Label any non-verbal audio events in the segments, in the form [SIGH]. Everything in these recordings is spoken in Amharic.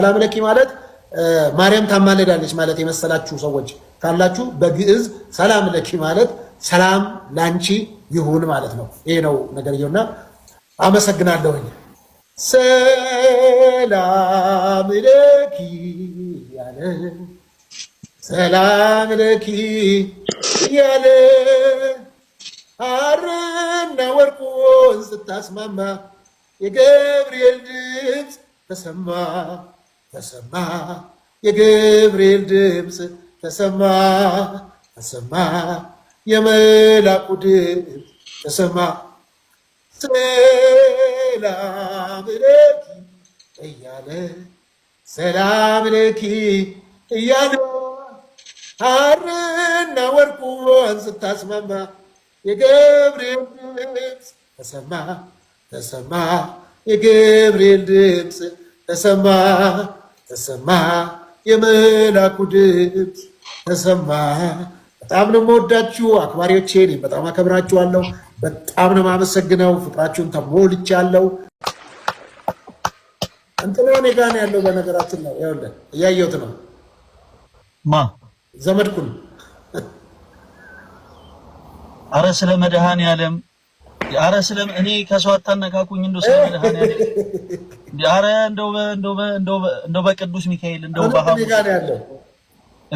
አላምለኪ ማለት ማርያም ታማልዳለች ማለት የመሰላችሁ ሰዎች ካላችሁ በግዕዝ ሰላም ለኪ ማለት ሰላም ላንቺ ይሁን ማለት ነው። ይሄ ነው ነገርየውና አመሰግናለሁኝ። ሰላም ለኪ ያለ ሰላም ለኪ ያለ ሐርና ወርቁን ስታስማማ የገብርኤል ድምፅ ተሰማ። ተሰማ የገብርኤል ድምፅ ተሰማ ተሰማ የመላኩ ድምፅ ተሰማ ሰላም ለኪ እያለ ሰላም ለኪ እያለ ሐርና ወርቁን ስታስማማ የገብርኤል ድምፅ ተሰማ ተሰማ የገብርኤል ድምፅ ተሰማ ተሰማ የመላኩ ድምፅ ተሰማ። በጣም ነው የምወዳችሁ አክባሪዎቼ፣ እኔም በጣም አከብራችኋለሁ። በጣም ነው የማመሰግነው። ፍቅራችሁን ተሞልቻለሁ። እንትና እኔ ጋ ያለው። በነገራችን ነው ይኸውልህ፣ እያየሁት ነው ማ ዘመድኩን። አረ ስለ መድኃኔዓለም አረ ስለም እኔ ከሰው አታነካኩኝ። እንደው ስለ አረ እንደው እንደው እንደው እንደው በቅዱስ ሚካኤል እንደው ባሃ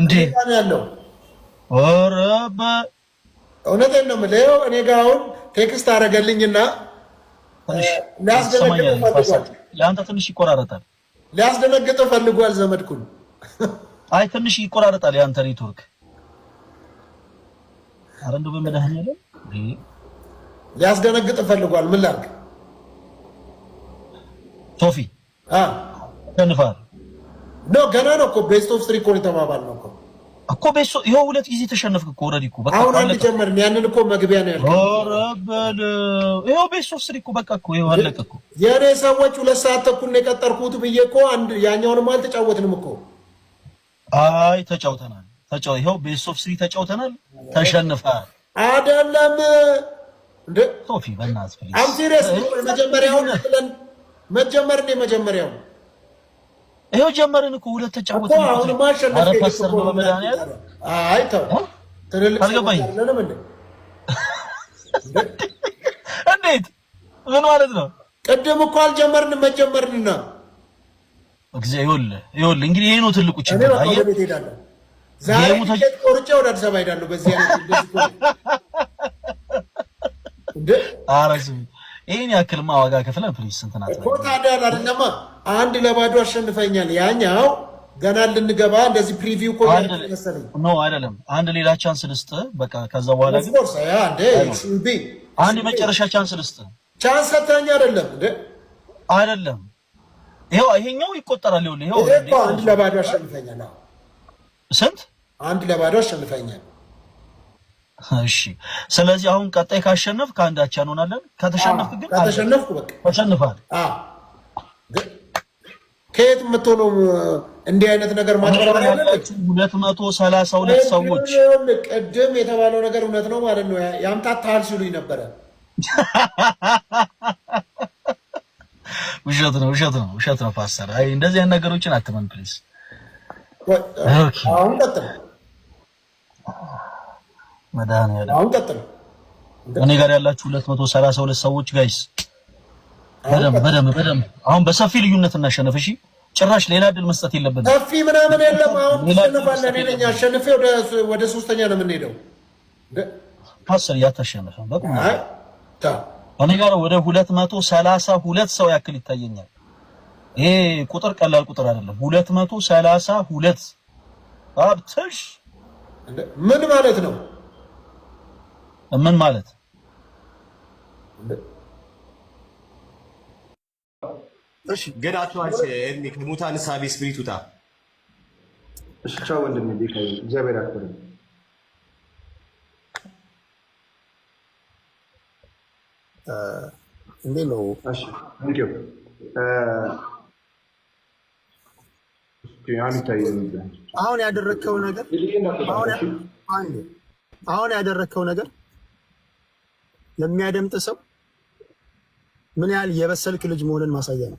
እንዴ ያለው ኧረ እውነቴን ነው የምልህ። እኔ ጋር አሁን ቴክስት አደረገልኝና ሊያስደነግጥ ፈልጓል። ለአንተ ትንሽ ይቆራረጣል። ሊያስደነግጥ ፈልጓል ዘመድኩን። አይ ትንሽ ይቆራረጣል የአንተ ኔትወርክ። አረ እንደው በመድኃኒዓለም ሊያስደነግጥ ፈልጓል። ምን ላድርግ? ቶፊ ተንፋል ኖ ገና ነው እኮ ቤስት ኦፍ ስሪ እኮ የተባባል ነው እኮ እኮ ቤስት ይኸው ሁለት ጊዜ ተሸነፍክ እኮ ኦልሬዲ እኮ በቃ አሁን አንድ ጀመርን። ያንን እኮ መግቢያ ነው ያልከው። ኧረ በለው ይኸው ቤስት ኦፍ ስሪ እኮ በቃ እኮ ይኸው አለቀ እኮ። የእኔ ሰዎች ሁለት ሰዓት ተኩል ነው የቀጠርኩት ብዬ እኮ አንድ ያኛውንም አልተጫወትንም እኮ። አይ ተጫውተናል፣ ተጫው ይኸው ቤስት ኦፍ ስሪ ተጫውተናል። ተሸንፈሃል አይደለም ሶፊ በእናትህ አም ሲሪየስ መጀመሪያውን ብለን መጀመርን የመጀመሪያው ይኸው ጀመርን እኮ ሁለት ተጫወት። አሁን ማሸነፍ አይ ተው ትልልቅ አልገባኝም። [LAUGHS] እንዴት ምን ማለት ነው? ቅድም እኮ አልጀመርን መጀመርንና እግዚ ይወል ይወል እንግዲህ ይሄ ነው ትልቁ ችግር። አየህ ዛሬ ቆርጬ ወደ አዲስ አበባ ሄዳለሁ በዚህ አይነት ይህን ያክልማ ዋጋ ከፍለን ፕሊስ ስንት ታዲያ አንድ ለባዶ አሸንፈኛል። ያኛው ገና ልንገባ እንደዚህ ፕሪቪው እኮ መሰለኝ። ኖ አይደለም፣ አንድ ሌላ ቻንስ ልስጥ። በቃ ከዛ በኋላ አንድ የመጨረሻ ቻንስ ልስጥ። ቻንስ ሰተኛ አይደለም እንደ አይደለም። ይኸው ይሄኛው ይቆጠራል። ይኸው አንድ ለባዶ አሸንፈኛል። ስንት አንድ ለባዶ አሸንፈኛል እሺ ስለዚህ አሁን ቀጣይ ካሸነፍ ከአንድ አቻ እንሆናለን። ከተሸነፍክ ግን ከተሸነፍኩ በቃ ተሸንፈሃል። ከየት የምትሆነው እንዲህ አይነት ነገር ማድረግ ያለች ሁለት መቶ ሰላሳ ሁለት ሰዎች ቅድም የተባለው ነገር እውነት ነው ማለት ነው። ያምታታል ሲሉኝ ነበረ። [LAUGHS] ውሸት ነው፣ ውሸት ነው፣ ውሸት ነው። ፓስተር እንደዚህ አይነት ነገሮችን አትመን ፕሊዝ። አሁን ቀጥል አሁን ቀጥል። እኔ ጋር ያላችሁ 232 ሰዎች ጋይስ በደምብ በደምብ በደምብ አሁን በሰፊ ልዩነት እናሸነፍ። እሺ ጭራሽ ሌላ እድል መስጠት የለብንም። ሰፊ ምናምን የለም። አሁን ትሸነፋለህ። እኔ ነኝ አሸንፌ ወደ ሶስተኛ ነው የምንሄደው። አስር ያታሸነፈ እኔ ጋር ወደ 232 ሰው ያክል ይታየኛል። ይሄ ቁጥር ቀላል ቁጥር አይደለም። 232 አብትሽ ምን ማለት ነው? ምን ማለት እሺ ገዳቱ አንቺ እድሜ ከሙታን ሳቢ ስፕሪት ውጣ። እሺ ቻው ወንድም ቢካይ እግዚአብሔር ያክብርህ። እንዴ ነው? እሺ ቴንክ ዩ አሁን ያደረከው ነገር አሁን ያደረከው ነገር ለሚያደምጥ ሰው ምን ያህል የበሰልክ ልጅ መሆንን ማሳያ ነው።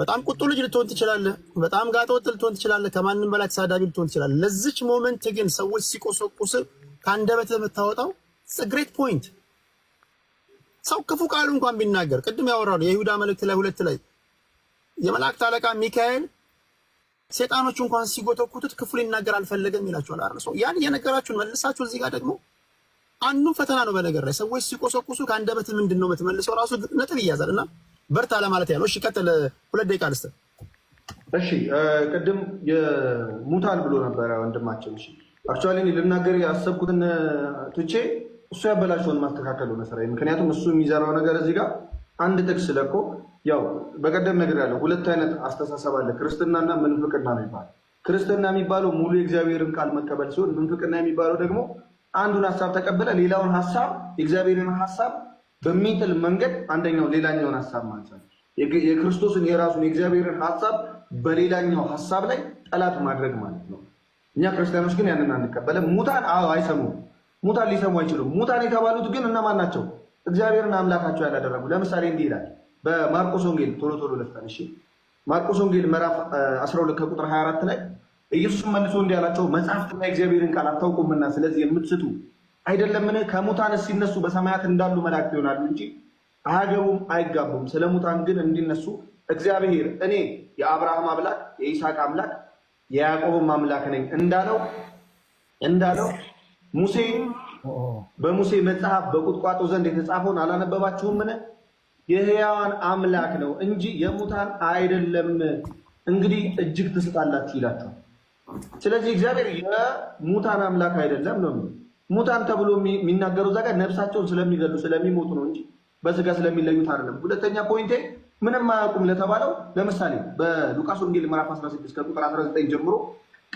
በጣም ቁጡ ልጅ ልትሆን ትችላለህ። በጣም ጋጠወጥ ልትሆን ትችላለህ። ከማንም በላይ ተሳዳቢ ልትሆን ትችላለህ። ለዚች ሞመንት ግን ሰዎች ሲቆሰቁስ ከአንደበት የምታወጣው ግሬት ፖይንት። ሰው ክፉ ቃሉ እንኳን ቢናገር ቅድም ያወራሉ የይሁዳ መልእክት ላይ ሁለት ላይ የመላእክት አለቃ ሚካኤል ሴጣኖቹ እንኳን ሲጎተኩቱት ክፉ ሊናገር አልፈለገም ይላቸዋል። ያን የነገራችሁን መልሳችሁ እዚህ ጋር ደግሞ አንዱ ፈተና ነው። በነገር ላይ ሰዎች ሲቆሰቁሱ ከአንደበት ምንድን ነው የምትመልሰው? ራሱ ነጥብ ይያዛል እና በርታ ለማለት ያለው። እሺ ቀጥል፣ ሁለት ደቂቃ ልስጥ። እሺ ቅድም ሙታል ብሎ ነበረ ወንድማችን። እሺ አክቹዋሊ ልናገር ያሰብኩትን ትቼ እሱ ያበላሸውን ማስተካከል ሆነ ስራ። ምክንያቱም እሱ የሚዘራው ነገር እዚህ ጋር አንድ ጥቅስ ለኮ ያው በቀደም ነገር ያለው ሁለት አይነት አስተሳሰብ አለ፣ ክርስትናና ምንፍቅና ነው ይባላል። ክርስትና የሚባለው ሙሉ የእግዚአብሔርን ቃል መቀበል ሲሆን ምንፍቅና የሚባለው ደግሞ አንዱን ሀሳብ ተቀብለ ሌላውን ሀሳብ የእግዚአብሔርን ሀሳብ በሚጥል መንገድ አንደኛው ሌላኛውን ሀሳብ ማንሳት፣ የክርስቶስን የራሱን የእግዚአብሔርን ሀሳብ በሌላኛው ሀሳብ ላይ ጠላት ማድረግ ማለት ነው። እኛ ክርስቲያኖች ግን ያንን አንቀበለም። ሙታን አዎ አይሰሙም። ሙታን ሊሰሙ አይችሉም። ሙታን የተባሉት ግን እነማን ናቸው? እግዚአብሔርን አምላካቸው ያላደረጉ። ለምሳሌ እንዲህ ይላል በማርቆስ ወንጌል ቶሎ ቶሎ ለፍታን፣ እሺ ማርቆስ ወንጌል ምዕራፍ 12 ከቁጥር 24 ላይ ኢየሱስ መልሶ እንዲህ አላቸው፣ መጽሐፍትና እግዚአብሔርን ቃል አታውቁምና ስለዚህ የምትስቱ አይደለምን? ከሙታንስ ሲነሱ በሰማያት እንዳሉ መላእክት ይሆናሉ እንጂ አያገቡም፣ አይጋቡም። ስለ ሙታን ግን እንዲነሱ እግዚአብሔር እኔ የአብርሃም አምላክ የይስሐቅ አምላክ የያዕቆብም አምላክ ነኝ እንዳለው እንዳለው ሙሴ በሙሴ መጽሐፍ በቁጥቋጦ ዘንድ የተጻፈውን አላነበባችሁምን? የህያዋን አምላክ ነው እንጂ የሙታን አይደለም። እንግዲህ እጅግ ትስጣላችሁ ይላቸው ስለዚህ እግዚአብሔር የሙታን አምላክ አይደለም ነው። ሙታን ተብሎ የሚናገረው እዛ ጋር ነብሳቸውን ስለሚገሉ ስለሚሞቱ ነው እንጂ በስጋ ስለሚለዩት አይደለም። ሁለተኛ ፖይንቴ ምንም አያውቁም ለተባለው ለምሳሌ በሉቃስ ወንጌል ምዕራፍ 16 ከቁጥር 19 ጀምሮ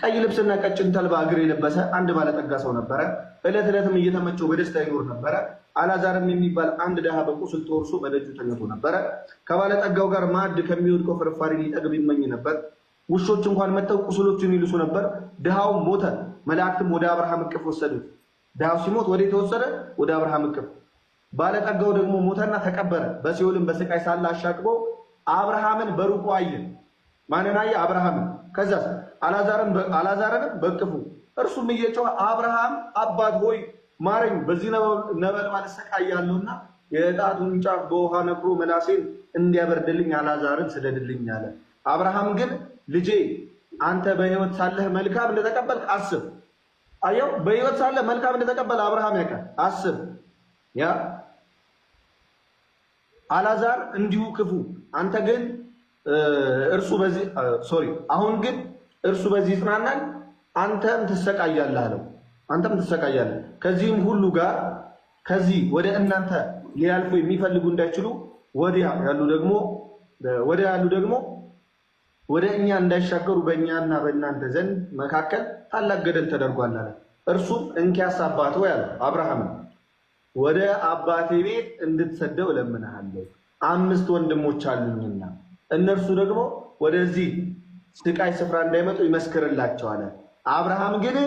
ቀይ ልብስና ቀጭን ተልባ እግር የለበሰ አንድ ባለጠጋ ሰው ነበረ። እለት እለትም እየተመቸው በደስታ ይኖር ነበረ። አላዛርም የሚባል አንድ ድሃ በቁስል ተወርሶ በደጁ ተኝቶ ነበረ። ከባለጠጋው ጋር ማዕድ ከሚወድቀው ፍርፋሪ ሊጠግብ ይመኝ ነበር። ውሾች እንኳን መጠው ቁስሎቹን ይልሱ ነበር። ድሃው ሞተ፣ መላእክትም ወደ አብርሃም እቅፍ ወሰዱት። ድሃው ሲሞት ወደ የተወሰደ ወደ አብርሃም እቅፍ። ባለጠጋው ደግሞ ሞተና ተቀበረ። በሲኦልም በስቃይ ሳለ አሻቅቦ አብርሃምን በሩቁ አየ። ማንን አየ? አብርሃምን። ከዛስ አላዛርንም በቅፉ እርሱም እየጮኸ አብርሃም አባት ሆይ ማረኝ፣ በዚህ ነበልባል እሰቃያለሁና የጣቱን ጫፍ በውሃ ነክሮ መላሴን እንዲያበርድልኝ አላዛርን ስደድልኝ አለ። አብርሃም ግን ልጄ አንተ በህይወት ሳለህ መልካም እንደተቀበልክ አስብ። አየው፣ በህይወት ሳለህ መልካም እንደተቀበል አብርሃም ያውቃል። አስብ። ያ አላዛር እንዲሁ ክፉ፣ አንተ ግን እርሱ በዚህ ሶሪ፣ አሁን ግን እርሱ በዚህ ይጽናናል፣ አንተም ትሰቃያለህ አለው። አንተም ትሰቃያለህ። ከዚህም ሁሉ ጋር ከዚህ ወደ እናንተ ሊያልፉ የሚፈልጉ እንዳይችሉ ወዲያ ያሉ ደግሞ ወዲያ ያሉ ደግሞ ወደ እኛ እንዳይሻገሩ በእኛና በእናንተ ዘንድ መካከል ታላቅ ገደል ተደርጓል አለ። እርሱም እንኪያስ አባት ሆይ አለ አብርሃም ወደ አባቴ ቤት እንድትሰደው እለምንሃለሁ፣ አምስት ወንድሞች አሉኝና እነርሱ ደግሞ ወደዚህ ስቃይ ስፍራ እንዳይመጡ ይመስክርላቸው አለ። አብርሃም ግን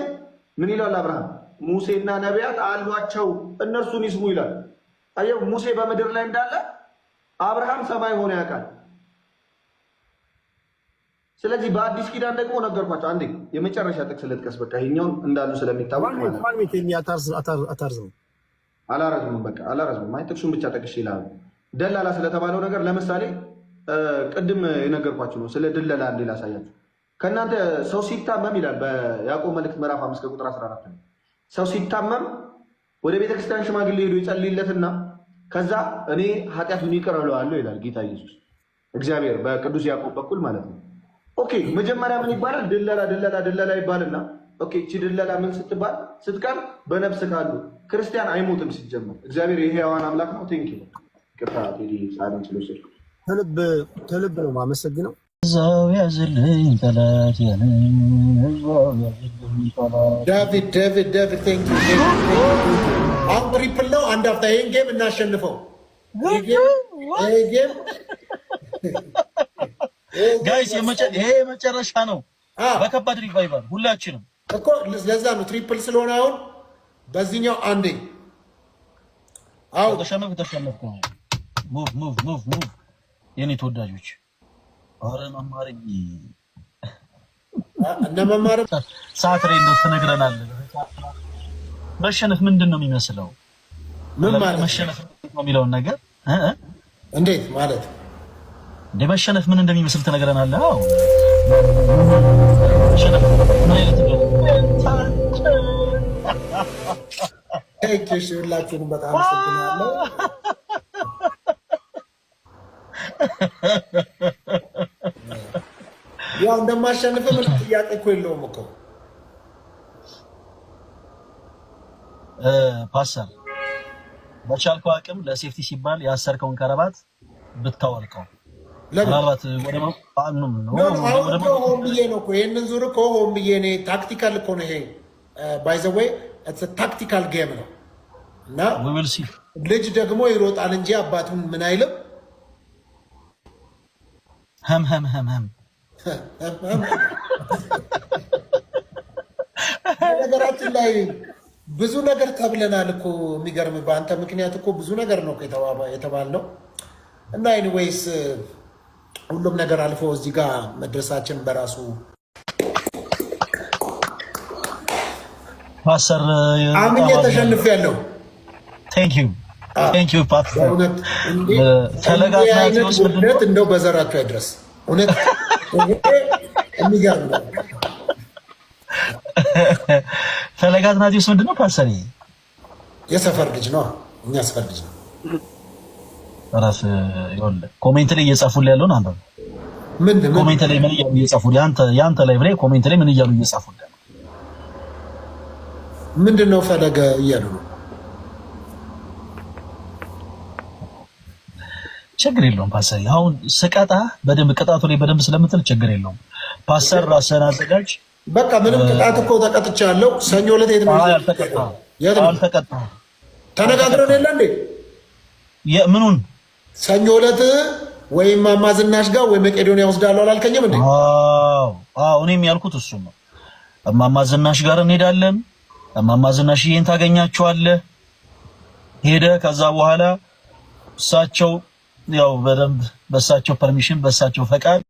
ምን ይለዋል? አብርሃም ሙሴና ነቢያት አሏቸው እነርሱን ይስሙ ይላል። አየው ሙሴ በምድር ላይ እንዳለ አብርሃም ሰማይ ሆኖ ያውቃል። ስለዚህ በአዲስ ኪዳን ደግሞ ነገርኳቸው። አንዴ የመጨረሻ ጥቅስ ልጥቀስ፣ በቃ ይሄኛውን እንዳሉ ስለሚታወቅ አላረዝሙም። በቃ አላረዝሙም። አይ ጥቅሱን ብቻ ጠቅሽ ይላሉ። ደላላ ስለተባለው ነገር ለምሳሌ ቅድም የነገርኳቸው ነው። ስለ ድለላ አንዴ ላሳያቸው። ከእናንተ ሰው ሲታመም ይላል በያዕቆብ መልእክት ምዕራፍ አምስት ከቁጥር 14 ነው። ሰው ሲታመም ወደ ቤተክርስቲያን ሽማግሌ ሄዶ ይጸልይለትና ከዛ እኔ ኃጢአቱን ይቅር እለዋለሁ ይላል ጌታ ኢየሱስ እግዚአብሔር በቅዱስ ያዕቆብ በኩል ማለት ነው። ኦኬ መጀመሪያ ምን ይባላል? ድለላ ድለላ ድለላ ይባልና ኦኬ፣ እቺ ድለላ ምን ስትባል ስትቀር በነፍስ ካሉ ክርስቲያን አይሞትም። ሲጀመር እግዚአብሔር የሕያዋን አምላክ ነው። ቴንክ ዩ ቅርታ ከልብ ነው ማመሰግነው። እዛው ያዝልኝ ጠላት ዳቪድ ዳቪድ ዳቪድ ቴንክ ዩ። አሁን ትሪፕል ነው አንድ አፍታ። ይህን ጌም እናሸንፈው ጌም ጋይስ ይሄ የመጨረሻ ነው። በከባድ ሪቫይቫል ሁላችንም እኮ ለዛ ነው ትሪፕል ስለሆነ አሁን በዚህኛው አንዴ አው ተሸነፍ ተሸነፍ ነው። ሙቭ ሙቭ ሙቭ ሙቭ የኔ ተወዳጆች፣ አረ መማር እነ መማር ሰዓት ላይ ነው ትነግረናለህ። መሸነፍ ምንድን ነው የሚመስለው? ምን ማለት መሸነፍ ነው የሚለውን ነገር እንዴት ማለት እንደ መሸነፍ ምን እንደሚመስል ትነግረናለህ። ሁላችሁንም በጣም አመሰግናለሁ። ያው እንደማሸንፍ ምን ጥያቄ እኮ የለውም እኮ አቅም ለሴፍቲ ሲባል ያሰርከውን ከረባት ብታወልቀው ታክቲካል እኮ ነው ይሄ። ባይ ዘ ዌይ ታክቲካል ጌም ነው እና ልጅ ደግሞ ይሮጣል እንጂ አባቱን ምን አይልም። ነገራችን ላይ ብዙ ነገር ተብለናል እኮ የሚገርም በአንተ ምክንያት እኮ ብዙ ነገር ነው የተባልነው እና ኤኒዌይስ ሁሉም ነገር አልፎ እዚህ ጋር መድረሳችን በራሱ ፓስተር አምኜ ተሸንፍ ያለው እንደው በዘራቸው አይድረስ። እውነት የሚገርም ነው። ምንድን ነው ፓስተር? የሰፈር ልጅ ነው። እኛ ሰፈር ልጅ ነው። ራስ ኮሜንት ላይ እየጻፉልህ ያለውን ምን ኮሜንት ላይ ምን እያሉ እየጻፉልህ ያንተ ላይ ላይ ኮሜንት ላይ ምን እያሉ እየጻፉልህ ምንድን ነው ፈለገ እያሉ ነው። ችግር የለውም ፓስተር። አሁን ስቀጣ በደንብ ቅጣቱ ላይ በደንብ ስለምትል ችግር የለውም ፓስተር። ራስህን አዘጋጅ። በቃ ምንም ቅጣት እኮ ተቀጥቻለሁ። ሰኞ ዕለት የት ነው አልተቀጣሁም። ተነጋግረን የለ እንዴ የምኑን ሰኞ ዕለት ወይም ማማዝናሽ ጋር ወይ መቄዶንያ ወስዳለሁ አላልከኝም እንዴ? እኔም ያልኩት እሱ ነው። እማማዝናሽ ጋር እንሄዳለን። እማማዝናሽ ይህን ታገኛቸዋለህ። ሄደ ከዛ በኋላ እሳቸው ያው በደንብ በእሳቸው ፐርሚሽን በእሳቸው ፈቃድ